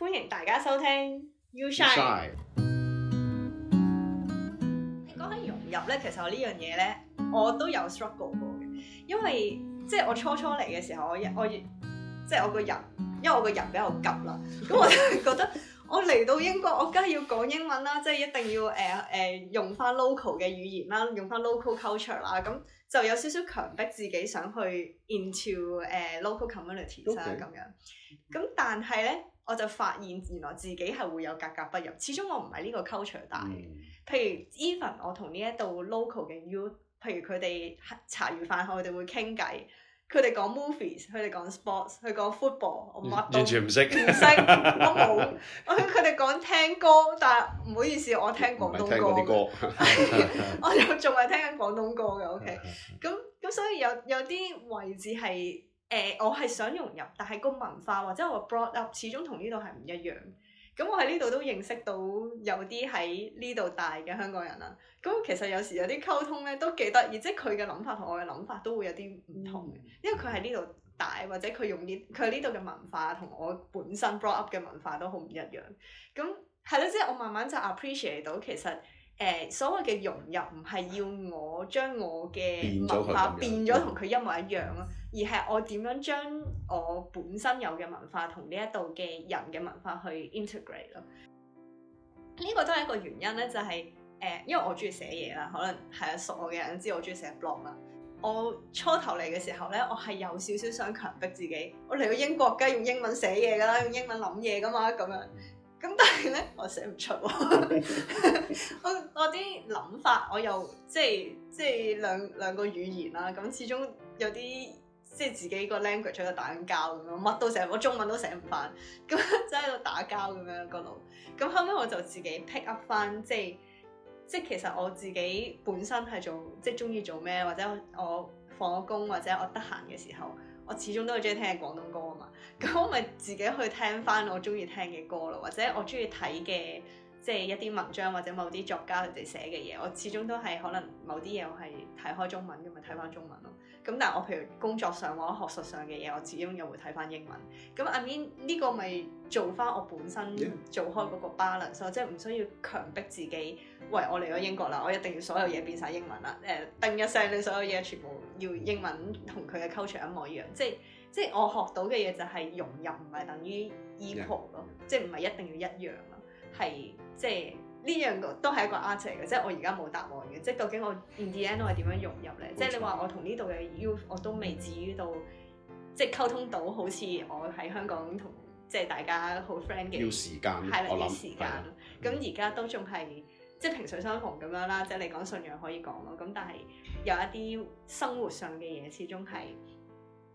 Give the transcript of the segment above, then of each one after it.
歡迎大家收聽。You Shine。講起融入咧，其實我呢樣嘢咧，我都有 struggle 過嘅，因為即係我初初嚟嘅時候，我我即係我個人，因為我個人比較急啦，咁我就覺得 我嚟到英國，我梗係要講英文啦，即係一定要誒誒、呃呃、用翻 local 嘅語言啦，用翻 local culture 啦，咁就有少少強迫自己想去 into 誒、呃、local communities 咁 Okay. 樣。咁但係咧。我就發現原來自己係會有格格不入，始終我唔係呢個 culture 大、嗯、譬如 even 我同呢一度 local 嘅 you，譬如佢哋茶餘飯後佢哋會傾偈，佢哋講 movies，佢哋講 sports，佢講 football，我乜都唔識唔識，我冇。我佢哋講聽歌，但係唔好意思，我聽廣東歌， 我仲仲係聽緊廣東歌嘅。OK，咁咁所以有有啲位置係。誒、呃，我係想融入，但係個文化或者我 brought up 始終同呢度係唔一樣。咁我喺呢度都認識到有啲喺呢度大嘅香港人啦。咁其實有時有啲溝通咧都幾得意，即係佢嘅諗法同我嘅諗法都會有啲唔同嘅，嗯、因為佢喺呢度大，或者佢用啲佢喺呢度嘅文化同我本身 brought up 嘅文化都好唔一樣。咁係咯，即係我慢慢就 appreciate 到其實。誒，所謂嘅融入唔係要我將我嘅文化變咗同佢一模一樣咯，而係我點樣將我本身有嘅文化同呢一度嘅人嘅文化去 integrate 咯。呢 個都係一個原因咧，就係、是、誒，因為我中意寫嘢啦，可能係熟我嘅人知我中意寫 blog 啦。我初頭嚟嘅時候咧，我係有少少想強迫自己，我嚟到英國梗係，用英文寫嘢噶啦，用英文諗嘢噶嘛，咁樣。咁但係咧，我寫唔出喎。 我我啲諗法，我又即係即係兩兩個語言啦。咁始終有啲即係自己個 language 喺度打緊交咁樣，乜都成日，我中文都寫唔翻，咁就喺度打交咁樣個腦。咁後尾我就自己 pick up 翻，即係即係其實我自己本身係做即係中意做咩，或者我放工或者我得閒嘅時候。我始終都係中意聽嘅廣東歌啊嘛，咁我咪自己去聽翻我中意聽嘅歌咯，或者我中意睇嘅。即係一啲文章或者某啲作家佢哋寫嘅嘢，我始終都係可能某啲嘢我係睇開中文咁咪睇翻中文咯。咁但係我譬如工作上或者學術上嘅嘢，我始終又會睇翻英文。咁阿 mean 呢個咪做翻我本身做開嗰個 balance 咯，Yeah. 即係唔需要強迫自己，喂，我嚟咗英國啦，我一定要所有嘢變晒英文啦。誒、呃，叮一聲你所有嘢全部要英文同佢嘅 culture 一模一樣，即係即係我學到嘅嘢就係融入唔係等於 copy 咯，即係唔係一定要一樣。係即係呢樣都係一個 art 嚟嘅，即係我而家冇答案嘅，即係究竟我 Indian 我係點樣融入咧？沒錯 即係你話我同呢度嘅 youth 我都未至於到、嗯、即係溝通到，好似我喺香港同即係大家好 friend 嘅，要時間，吧我諗想時間。咁而家都仲係即係萍水相逢咁樣啦，即係你講信仰可以講咯，咁但係有一啲生活上嘅嘢，始終係。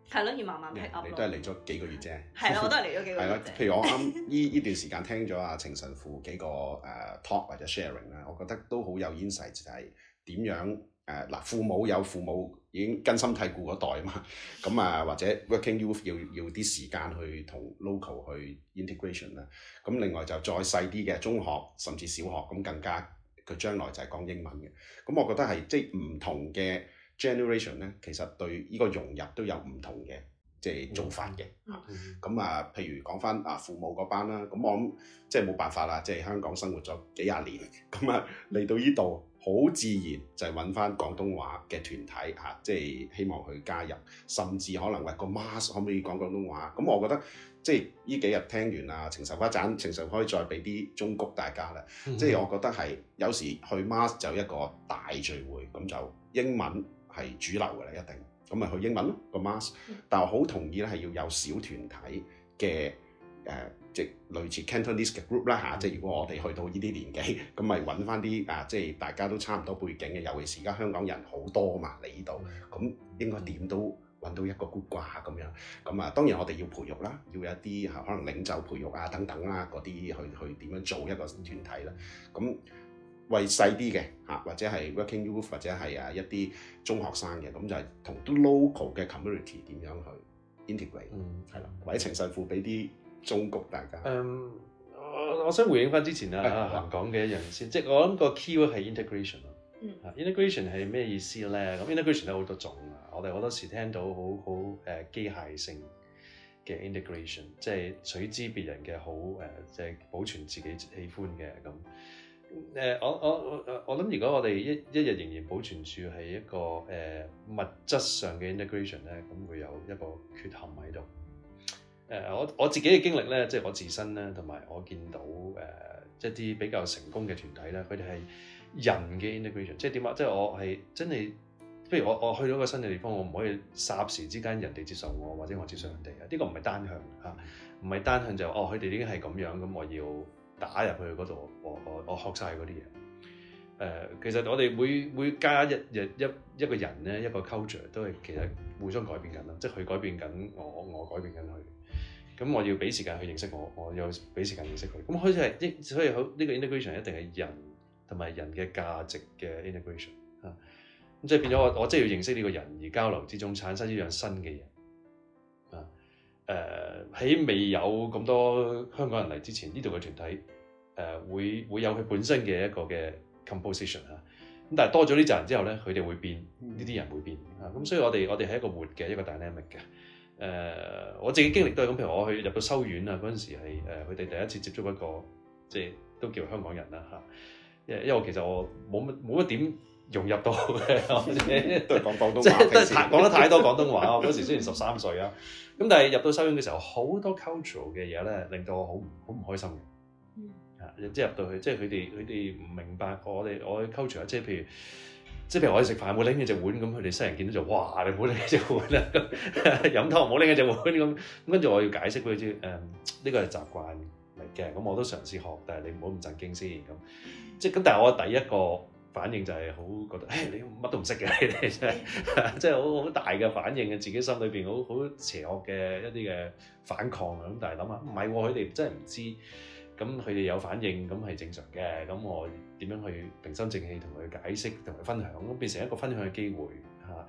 係咯，要慢慢 pick up Yeah, 了。噏咯。你都係嚟咗幾個月啫。係咯，我都係嚟咗幾個月。係咯，譬如我啱呢呢段時間聽咗阿、啊、程神父幾個誒、uh, talk 或者 sharing 啊，我覺得都好有 insight，就係點樣誒嗱，uh, 父母有父母已經根深蒂固嗰代啊嘛。咁啊，或者 working youth 要要啲時間去同 local 去 integration 啦。咁另外就再細啲嘅中學甚至小學咁更加佢將來就係講英文嘅。咁我覺得係即係唔同嘅。generation 咧，其實對呢個融入都有唔同嘅即係做法嘅。咁、嗯嗯、啊，譬如講翻啊父母嗰班啦，咁、啊、我即係冇辦法啦，即係香港生活咗幾廿年，咁啊嚟到呢度好自然就揾翻廣東話嘅團體嚇、啊，即係希望去加入，甚至可能為個 mask 可唔可以講廣東話？咁、啊嗯、我覺得即係呢幾日聽完啊《情仇花盞》，情仇可以再俾啲中曲大家啦。嗯嗯、即係我覺得係有時去 mask 就一個大聚會，咁就，就英文。係主流㗎啦，一定咁咪去英文咯個 mask、嗯、但係好同意咧，係要有小團體嘅誒、呃，即係類似 Cantonese 嘅 group 啦嚇、啊。即係如果我哋去到呢啲年紀，咁咪揾翻啲啊，即係大家都差唔多背景嘅，尤其是而家香港人好多嘛嚟呢度，咁應該點都揾到一個 good 啩咁樣。咁啊，當然我哋要培育啦，要有一啲嚇、啊、可能領袖培育啊等等啦嗰啲，去去點樣做一個團體啦。咁、啊。嗯為細啲嘅嚇，或者係 working youth 或者係誒一啲中學生嘅，咁就係同 local 嘅 community 點樣去 integrate，係啦、嗯，為情勢庫俾啲中局大家。誒、嗯，我我想回應翻之前、哎、啊行講嘅一樣先， 即係我諗個 keyword 係 integration 咯。嗯。integration 係咩意思咧？咁 integration 有好多種啊。我哋好多時聽到好好誒機械性嘅 integration，即係取之別人嘅好誒，即係、呃、保存自己喜歡嘅咁。誒、uh, 我我我我諗，如果我哋一一日仍然保存住係一個誒、uh, 物質上嘅 integration 咧、嗯，咁會有一個缺陷喺度。誒、uh, 我我自己嘅經歷咧，即、就、係、是、我自身咧，同埋我見到誒、uh, 一啲比較成功嘅團體咧，佢哋係人嘅 integration，即係點啊？即係我係真係，譬如我我去到一個新嘅地方，我唔可以霎時之間人哋接受我，或者我接受人哋、這個、啊？呢個唔係單向嚇，唔係單向就是、哦，佢哋已經係咁樣，咁、嗯、我要。打入去度，我我我學晒啲嘢。誒、呃、其實我哋每每加一日一一,一個人咧，一個 culture 都係其實互相改變緊啦，即係佢改變緊我，我改變緊佢。咁我要俾時間去認識我，我有俾時間認識佢。咁開始係一，所以好呢個 integration 一定係人同埋人嘅價值嘅 integration 吓、啊，咁即係變咗我，我即係要認識呢個人，而交流之中產生一樣新嘅嘢。誒，喺未有咁多香港人嚟之前，呢度嘅團體誒、呃、會會有佢本身嘅一個嘅 composition 嚇。咁但係多咗呢陣人之後咧，佢哋會變，呢啲人會變啊。咁所以我哋我哋係一個活嘅一個 dynamic 嘅誒、啊。我自己經歷都係咁，譬如我去入到修院啊嗰陣時係誒，佢哋第一次接觸一個即係都叫香港人啦嚇、啊。因為因為其實我冇乜冇一點。融入到嘅，我哋 都講廣東話。即係講得太多廣東話。 我嗰時雖然十三歲啊，咁但係入到收院嘅時候，好多 cultural 嘅嘢咧，令到我好好唔開心嘅。啊、嗯，即係入到去，即係佢哋佢哋唔明白我哋我 culture，即係譬如，即係譬如我哋食飯，我拎起隻碗，咁佢哋西人見到就哇，你唔好拎起隻碗啦，咁飲湯唔好拎起隻碗咁。咁跟住我要解釋畀佢知，誒、嗯、呢、呢個係習慣嚟嘅，咁我都嘗試學，但係你唔好咁震驚先咁。即係咁，但係我第一個反應就係好覺得，哎，你乜都唔識嘅，你哋真係 真係好好大嘅反應呀，自己心裏邊好好邪惡嘅一啲嘅反抗想想、嗯、啊！咁但係諗下唔係喎，佢哋真係唔知，咁佢哋有反應咁係正常嘅，咁我點樣去平心靜氣同佢解釋同佢分享，咁變成一個分享嘅機會嚇，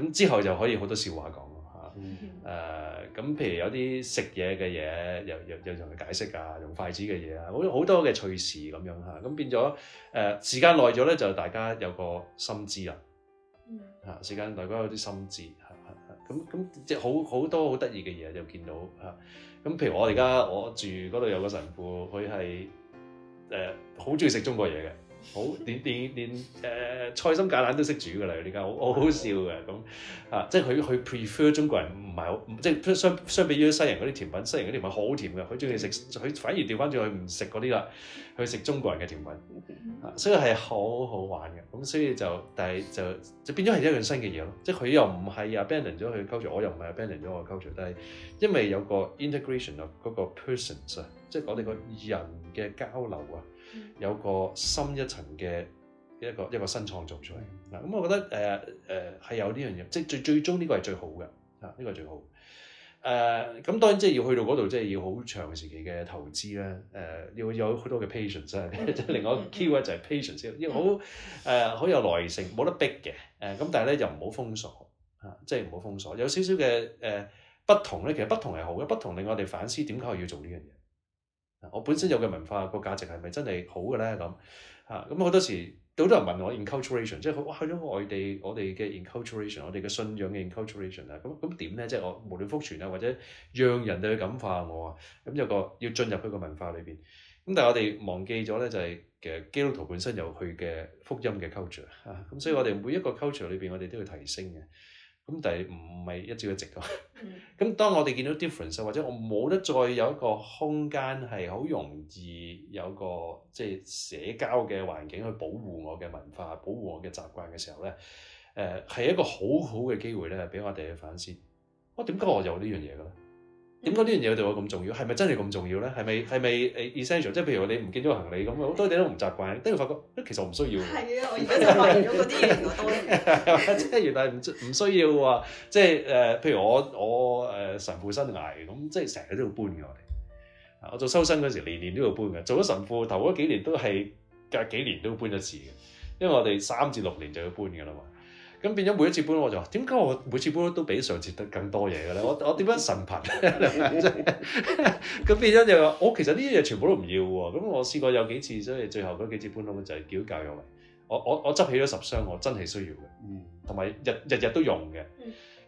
咁之後就可以好多笑話講。誒咁、嗯，uh, 譬如有啲食嘢嘅嘢，又又又同佢解釋啊，用筷子嘅嘢啊，好好多嘅趣事咁樣嚇，咁變咗誒、呃、時間耐咗咧，就大家有個心知啦嚇，嗯、時間大家有啲心知嚇咁咁即係好好多好得意嘅嘢就見到嚇，咁譬如我而家我住嗰度有個神父，佢係誒好中意食中國嘢嘅。好連連連誒、呃、菜心橄欖都識煮㗎啦！而家好好好笑嘅咁啊，即係佢佢 prefer 中國人唔係好，即係相相比於西人嗰啲甜品，西人嗰啲甜品好甜嘅，佢中意食，佢反而調翻轉去唔食嗰啲啦，去食中國人嘅甜品、啊、所以係好好玩嘅。咁、嗯、所以就但係就就變咗係一樣新嘅嘢咯，即係佢又唔係啊 abandon 咗佢 culture，我又唔係啊 abandon 咗我 culture，但係因為有個 integration 嗰個 persons 啊，即係我哋個人嘅交流啊。有個深一層嘅一個一個新創造出嚟，啊、嗯、咁、嗯，我覺得誒誒係有呢樣嘢，即係最最終呢個係最好嘅，啊呢、這個係最好。誒、啊、咁當然即係要去到嗰度，即係要好長時期嘅投資啦。誒、啊、要，要有好多嘅 patience 即、啊、係另外一個 key word 就係 patience，要好誒好有耐性，冇得逼嘅。誒咁但係咧又唔好封鎖，啊，啊即係唔好封鎖，有少少嘅誒、呃、不同咧，其實不同係好嘅，不同令我哋反思點解我要做呢樣嘢。我本身有嘅文化個價值係咪真係好嘅咧？咁嚇咁好多時，好多人問我 enculturation，即係佢哇去咗外地，我哋嘅 enculturation，我哋嘅信仰嘅 enculturation 啊，咁咁點咧？即係我無論福傳啊，或者讓人哋去感化我啊，咁有個要進入佢個文化裏邊。咁但係我哋忘記咗咧，就係嘅基督徒本身有佢嘅福音嘅 culture，咁所以我哋每一個 culture 裏邊，我哋都要提升嘅。咁但係唔係一朝一夕㗎。咁 當我哋見到 difference，或者我冇得再有一個空間係好容易有個即係、就是、社交嘅環境去保護我嘅文化、保護我嘅習慣嘅時候咧，誒、呃、係一個好好嘅機會咧，俾我哋去反思，我點解我有呢樣嘢㗎咧？點解呢樣嘢對我咁重要？係咪真係咁重要咧？係咪係咪誒 essential？即係譬如你唔見咗個行李咁，好多嘢都唔習慣，都會發覺，其實我唔需要。係啊，我而家就發現咗嗰啲嘢，我多咗。即係原來唔唔需要喎，即係誒，譬如我我誒、呃、神父生涯咁，即係成日都要搬嘅我哋。我做修生嗰時，年年都要搬嘅。做咗神父頭嗰幾年都係隔幾年都要搬一次嘅，因為我哋三至六年就要搬嘅啦嘛。咁變咗每一次搬，我就話點解我每次搬都比上次得更多嘢嘅咧？我我點樣神頻兩，咁變咗就話我其實呢啲嘢全部都唔要喎、啊。咁我試過有幾次，所以最後嗰幾次搬到就係叫教育嘢嚟。我我我執起咗十箱，我真係需要嘅。嗯，同埋日日日都用嘅。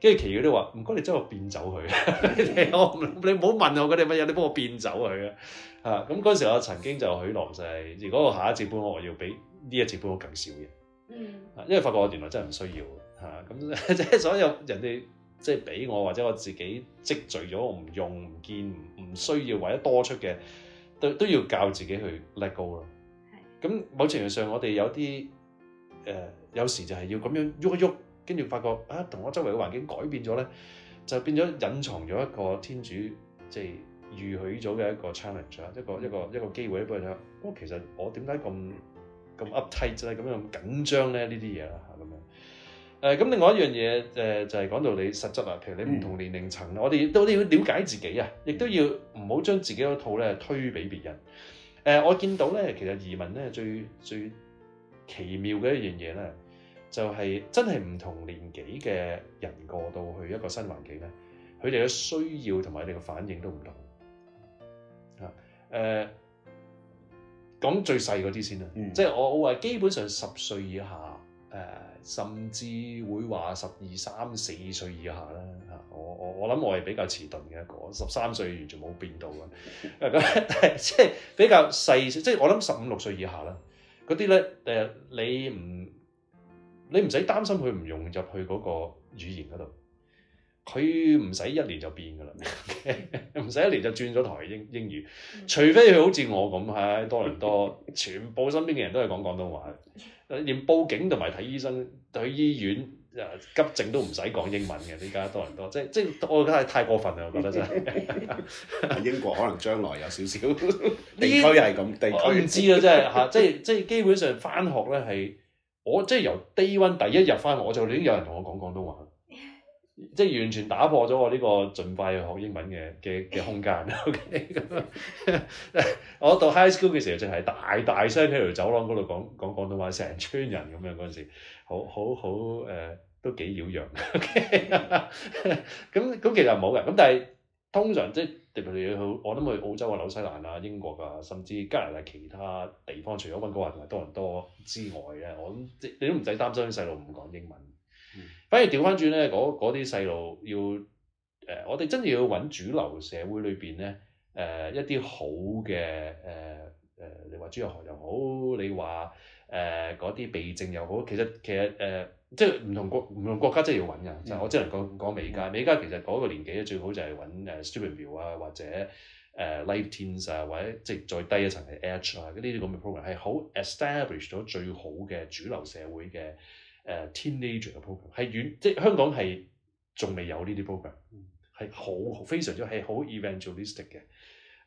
跟住奇異都話唔該，你將我變走佢。我你唔好問我嗰啲乜嘢，你幫我變走佢啊！啊，咁嗰陣時我曾經就許諾就係如果我下一次搬，我要比呢一次搬我更少嘢。嗯，啊，因為發覺我原來真係唔需要，吓，咁即係所有人哋即係俾我或者我自己積聚咗，我唔用唔見唔唔需要或者多出嘅，都都要教自己去 let go 咯。係的，咁某程度上我哋有啲誒、呃，有時就係要咁樣喐一喐，跟住發覺啊，同我周圍嘅環境改變咗咧，就變咗隱藏咗一個天主即係預許咗嘅一個 challenge，一個一個一個，一個機會俾我哋。不過、哦、其實我點解咁？咁噏梯啫，咁樣咁緊張咧，呢啲嘢啦，咁、啊、樣。誒，咁另外一樣嘢，誒、呃、就係、是、講到你實質啊，譬如你唔同年齡層，嗯、我哋都要了解自己啊，亦都要唔好將自己嗰套咧推俾別人。誒、呃，我見到咧，其實移民咧最最奇妙嘅一樣嘢咧，就係、是、真係唔同年紀嘅人過到去一個新環境咧，佢哋嘅需要同埋佢哋嘅反應都唔同。嚇、啊、誒。呃講最細嗰啲先啦，嗯、即係我我話基本上十歲以下，誒、呃、甚至會話十二三四歲以下啦。嚇，我我我諗我係比較遲鈍嘅一個，十三歲完全冇變到咁。 即係比較細，即係我諗十五六歲以下啦，嗰啲咧誒，你唔你唔使擔心佢唔融入去嗰個語言嗰度。佢唔使一年就變㗎喇，唔 使一年就轉咗台英英語，除非佢好似我咁喺多倫多，全部身邊嘅人都係講廣東話，連報警同埋睇醫生，去醫院急症都唔使講英文嘅。依家多倫多即即我覺得太過分啦，我覺得真係 英國可能將來有少少 地區係咁，地區我唔知啦，真係嚇，即即基本上返學咧係我即由 day one 第一日返學，我就已經有人同我講廣東話。即係完全打破咗我呢個儘快去學英文嘅嘅嘅空間。OK，咁樣。我到 high school 嘅時候，就係、是、大大聲，喺條走廊嗰度講講廣東話，成村人咁樣嗰陣、那個、時，好好好誒、呃，都幾妖攘。OK，咁咁其實冇嘅。咁但係通常即係特別你好，我諗去澳洲啊、紐西蘭啊、英國啊，甚至加拿大其他地方，除咗溫哥華同埋多倫多之外咧，我諗即你都唔使擔心細路唔講英文。反而調翻轉咧，嗰啲細路要誒、呃，我哋真係要揾主流社會裏邊咧誒一啲好嘅誒誒，你話朱有河又好，你話誒嗰啲備證又好，其實其實誒即係唔同國唔同國家真係要揾嘅，即係、嗯、我只能講講美加，嗯、美加其實嗰個年紀咧最好就係揾誒 Steubenville 啊或者誒、uh, Life Teens 啊或者即係再低一層係 Edge 啊呢啲咁嘅 program 係好 establish 咗最好嘅主流社會嘅。誒、uh, teenager 嘅 program 係遠，即係香港係仲未有呢啲 program，係好、嗯、非常之係好 evangelistic 嘅，誒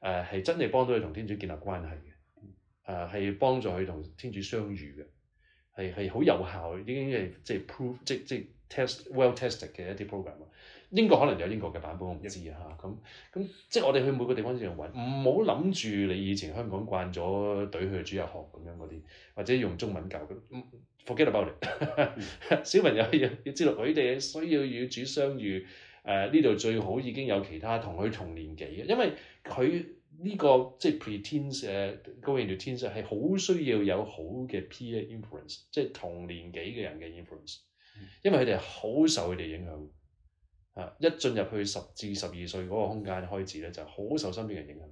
係、uh, 真係幫到佢同天主建立關係嘅，誒係、嗯 uh, 幫助佢同天主相遇嘅。係係好有效，已經係即係 prove 即即 test well tested 嘅一啲 program 啊！英國可能有英國嘅版本，我唔知、嗯、啊！咁咁即係我哋去每個地方都要搵，唔好諗住你以前香港慣咗對佢主日學咁樣嗰啲，或者用中文教嘅。Forget about it，小朋友要要知道佢哋需要與主相遇。誒呢度最好已經有其他同佢同年紀嘅，因為佢。呢、這個即係 preteens 誒，going to teens 係好需要有好嘅 peer influence，即係同年紀嘅人嘅 influence，因為佢哋好受佢哋影響啊，一進入去十至十二歲嗰個空間開始咧，就好受身邊嘅影響。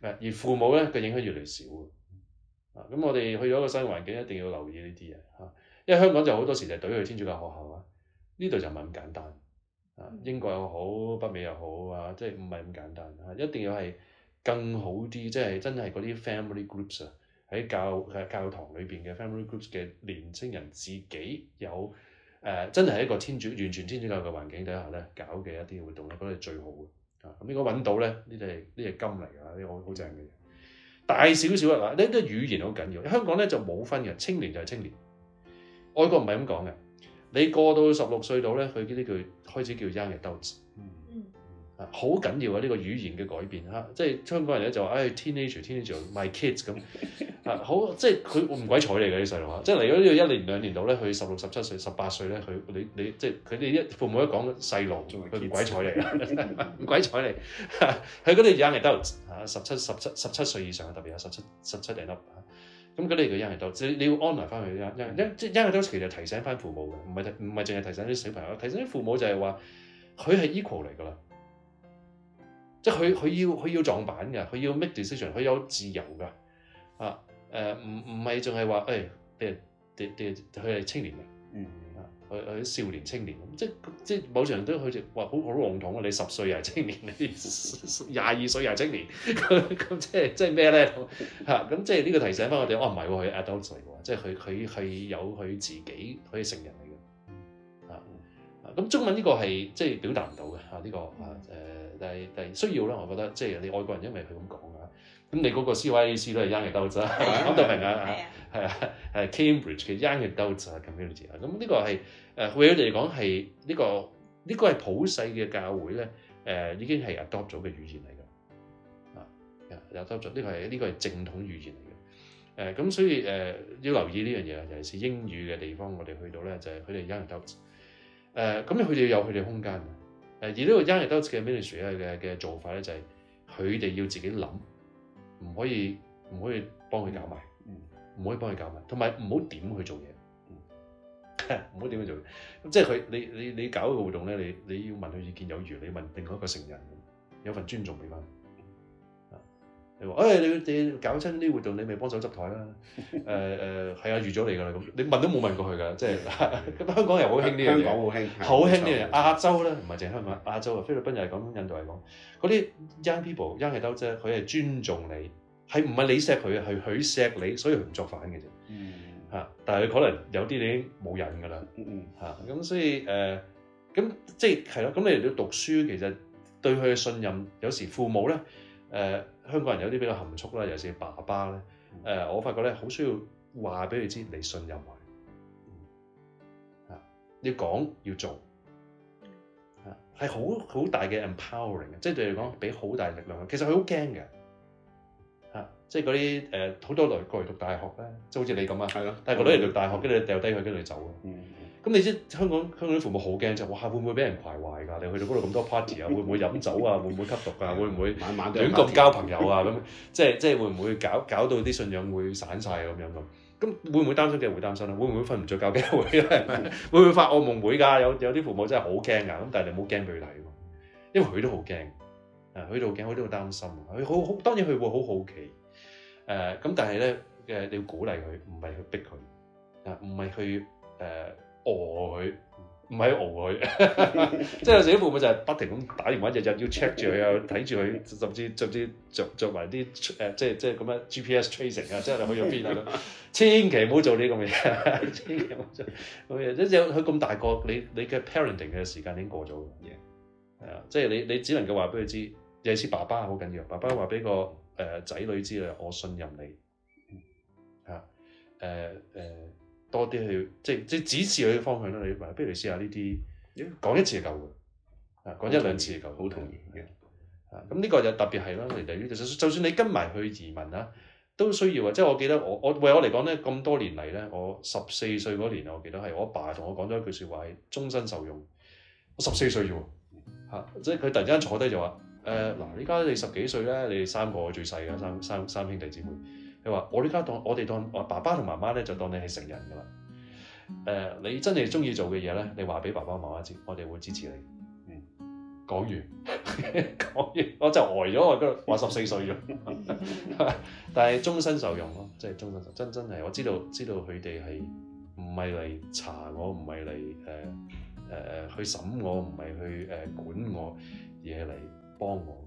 誒、啊，而父母咧嘅影響越嚟越少啊。咁我哋去咗個新環境，一定要留意呢啲嘢嚇。因為香港就好多時就係對去天主教學校啊，呢度就唔係咁簡單啊。英國又好，北美又好啊，即係唔係咁簡單啊，一定要係。更好啲，即係真係嗰啲 family groups 啊，喺教教堂裏邊嘅 family groups 嘅年青人自己有誒、呃，真係一個天主完全天主教嘅環境底下咧，搞嘅一啲活動我覺得係最好嘅。啊，咁應該揾到咧，呢啲呢啲金嚟㗎，呢個好正嘅嘢。大少少啊，嗱，呢啲語言好緊要。香港咧就冇分嘅，青年就係青年。外國唔係咁講嘅，你過到十六歲到咧，佢呢啲叫開始叫 young a 好緊要啊！呢個語言嘅改變嚇，即 係樂、就是、香港人咧就話，唉、哎、teenager，teenager，my kids 咁啊，好，即係佢唔鬼睬你嘅啲細路啊！即係嚟咗呢度一年兩年度咧，佢十六、十七歲、十八歲咧，佢你你即係佢哋一父母一講細路，佢唔鬼睬你，唔鬼睬你，佢嗰啲 young adult 嚇，十七、十七、十七歲以上，特別有十七、十七定 up，咁嗰啲叫 young adult。你你要安撫翻佢，young adult 其實提醒翻父母嘅，唔係唔係淨係提醒啲小朋友，提醒啲父母就係話佢係 equal 嚟㗎啦。即係佢佢要佢要撞板嘅，佢要 make decision，佢有自由㗎，啊誒唔唔係淨係話誒啲啲啲佢係青年嘅，嗯啊佢佢少年青年咁即即某程度佢就話好好籠統，你十歲又係青年，你廿二歲又係青年，咁 咁、嗯、即係即係咩咧嚇咁即係呢個提醒翻我哋，我唔係喎，佢 adult 嚟喎，ult，即係佢佢係有佢自己可以成人嘅。咁中文呢個係即係表達唔到嘅嚇，呢個啊誒，但係但係需要啦，我覺得即係啲外國人因為佢咁講啊，咁你嗰個 CYAC 都係 young adults 啫，講到明啊，係啊係 Cambridge 嘅 young adults 嘅 community 啊，咁、這、呢個係誒，對我哋嚟講係呢個呢個係普世嘅教會咧，誒已經係 adopt 咗嘅語言嚟嘅。啊 adopt 咗呢個係呢、啊這個係正統語言嚟嘅，誒、啊、咁所以誒、啊、要留意呢樣嘢啊，尤其是英語嘅地方，我哋去到咧就係佢哋 young adults。誒咁，佢哋、呃、有佢哋空間嘅、呃。而呢個 young adults 嘅 ministry 咧嘅嘅做法咧、就係，就係佢哋要自己諗，唔可以唔可以幫佢搞埋，唔可以幫佢搞埋，同埋唔好點去做嘢，唔好點去做嘢。咁、嗯、即係佢，你你你搞一個活動咧，你你要問佢意見有餘，你問另外一個成人，有份尊重俾翻佢。誒、哎、你你搞親啲活動，你咪幫手執台啦。誒誒、 呃，係啊，預咗你噶啦。咁你問都冇問過佢噶，即係 香港人好興啲嘢，香港好興，好興啲人。亞洲咧唔係淨係香港，亞洲啊，菲律賓又係講，印度又係講，嗰啲 young people，young 係兜啫，佢係尊重你，係唔係你錫佢，係佢錫你，所以佢唔作反嘅啫。嗯，但係佢可能有啲已經冇忍噶啦。嗯嗯，咁所以誒，咁、呃、即係咯，咁你哋讀書其實對佢嘅信任，有時父母咧，誒、呃。呃香港人有啲比較含蓄啦，尤其是爸爸咧。誒、嗯呃，我發覺咧，好需要話俾佢知，你信任佢。啊、嗯，要講要做，啊、嗯，係好好大嘅 empowering，即係對、嗯、你講，俾好大力量。其實佢好驚嘅，啊、嗯，即係嗰啲誒好多來過嚟讀大學咧，即係好似你咁啊。係咯。但係過到嚟讀大學，跟住你掉低佢，跟住你走啊。嗯嗯咁、嗯、你知香港香港啲父母好驚就哇，會唔會俾人懷懷㗎？你去到嗰度咁多 party 啊，會唔會飲酒啊？會唔會吸毒啊？會唔會晚晚亂咁交朋友啊？咁、嗯、即係即係會唔會搞搞到啲信仰會散晒啊？咁樣咁咁會唔會擔心嘅？會擔心啊，會唔會瞓唔着覺幾多回咧？會唔會發惡夢會㗎、啊？有有啲父母真係好驚㗎。咁但係你唔好驚俾佢睇喎，因為佢都好驚啊，佢都好驚，佢都好擔心。佢好好當然佢會好好奇誒，咁、呃、但係咧嘅你要鼓勵佢，唔係去逼佢啊，唔係去誒。呃熬佢，唔係熬佢，即係有時父母就係不停咁打電話，日日要 check 住佢啊，睇住佢，甚至甚至著著埋啲誒，即係即係咁樣 GPS tracing 啊，即係你去咗邊啊， 千祈唔好做呢啲咁嘢， 千祈唔好做。咁、嗯、嘢，一有佢咁大個，你你嘅 parenting 嘅時間已經過咗咁嘢，係、嗯、啊，即係你你只能夠話俾佢知，尤其是爸爸好緊要，爸爸話俾個誒仔女知啊，我信任你，嚇、嗯，誒誒。多啲去，即係即係指示佢嘅方向啦。你不如試下呢啲講一次就夠嘅，啊講一兩次就夠，好同意嘅。啊，咁呢個就特別係啦。你哋呢就就算你跟埋去移民啦，都需要啊。即係我記得我我為我嚟講咧，咁多年嚟咧，我十四歲嗰年，我記得係我阿爸同我講咗一句説話係終身受用。我十四歲喎，嚇！即係佢突然之間坐低就話：誒、呃、嗱，依家你十幾歲咧，你哋三個最細嘅，三三三兄弟姊妹。你話：我呢家當我哋當爸爸同媽媽咧，就當你係成人㗎啦。誒、呃，你真係中意做嘅嘢咧，你話俾爸爸媽媽知，我哋會支持你。嗯、講完 講完，我真係呆咗，我覺得話十四歲咗， 但係終身受用咯，即係終身受真真係我知道知道佢哋係唔係嚟查我，唔係嚟誒誒去審我，唔係去誒、呃、管我，而係嚟幫我。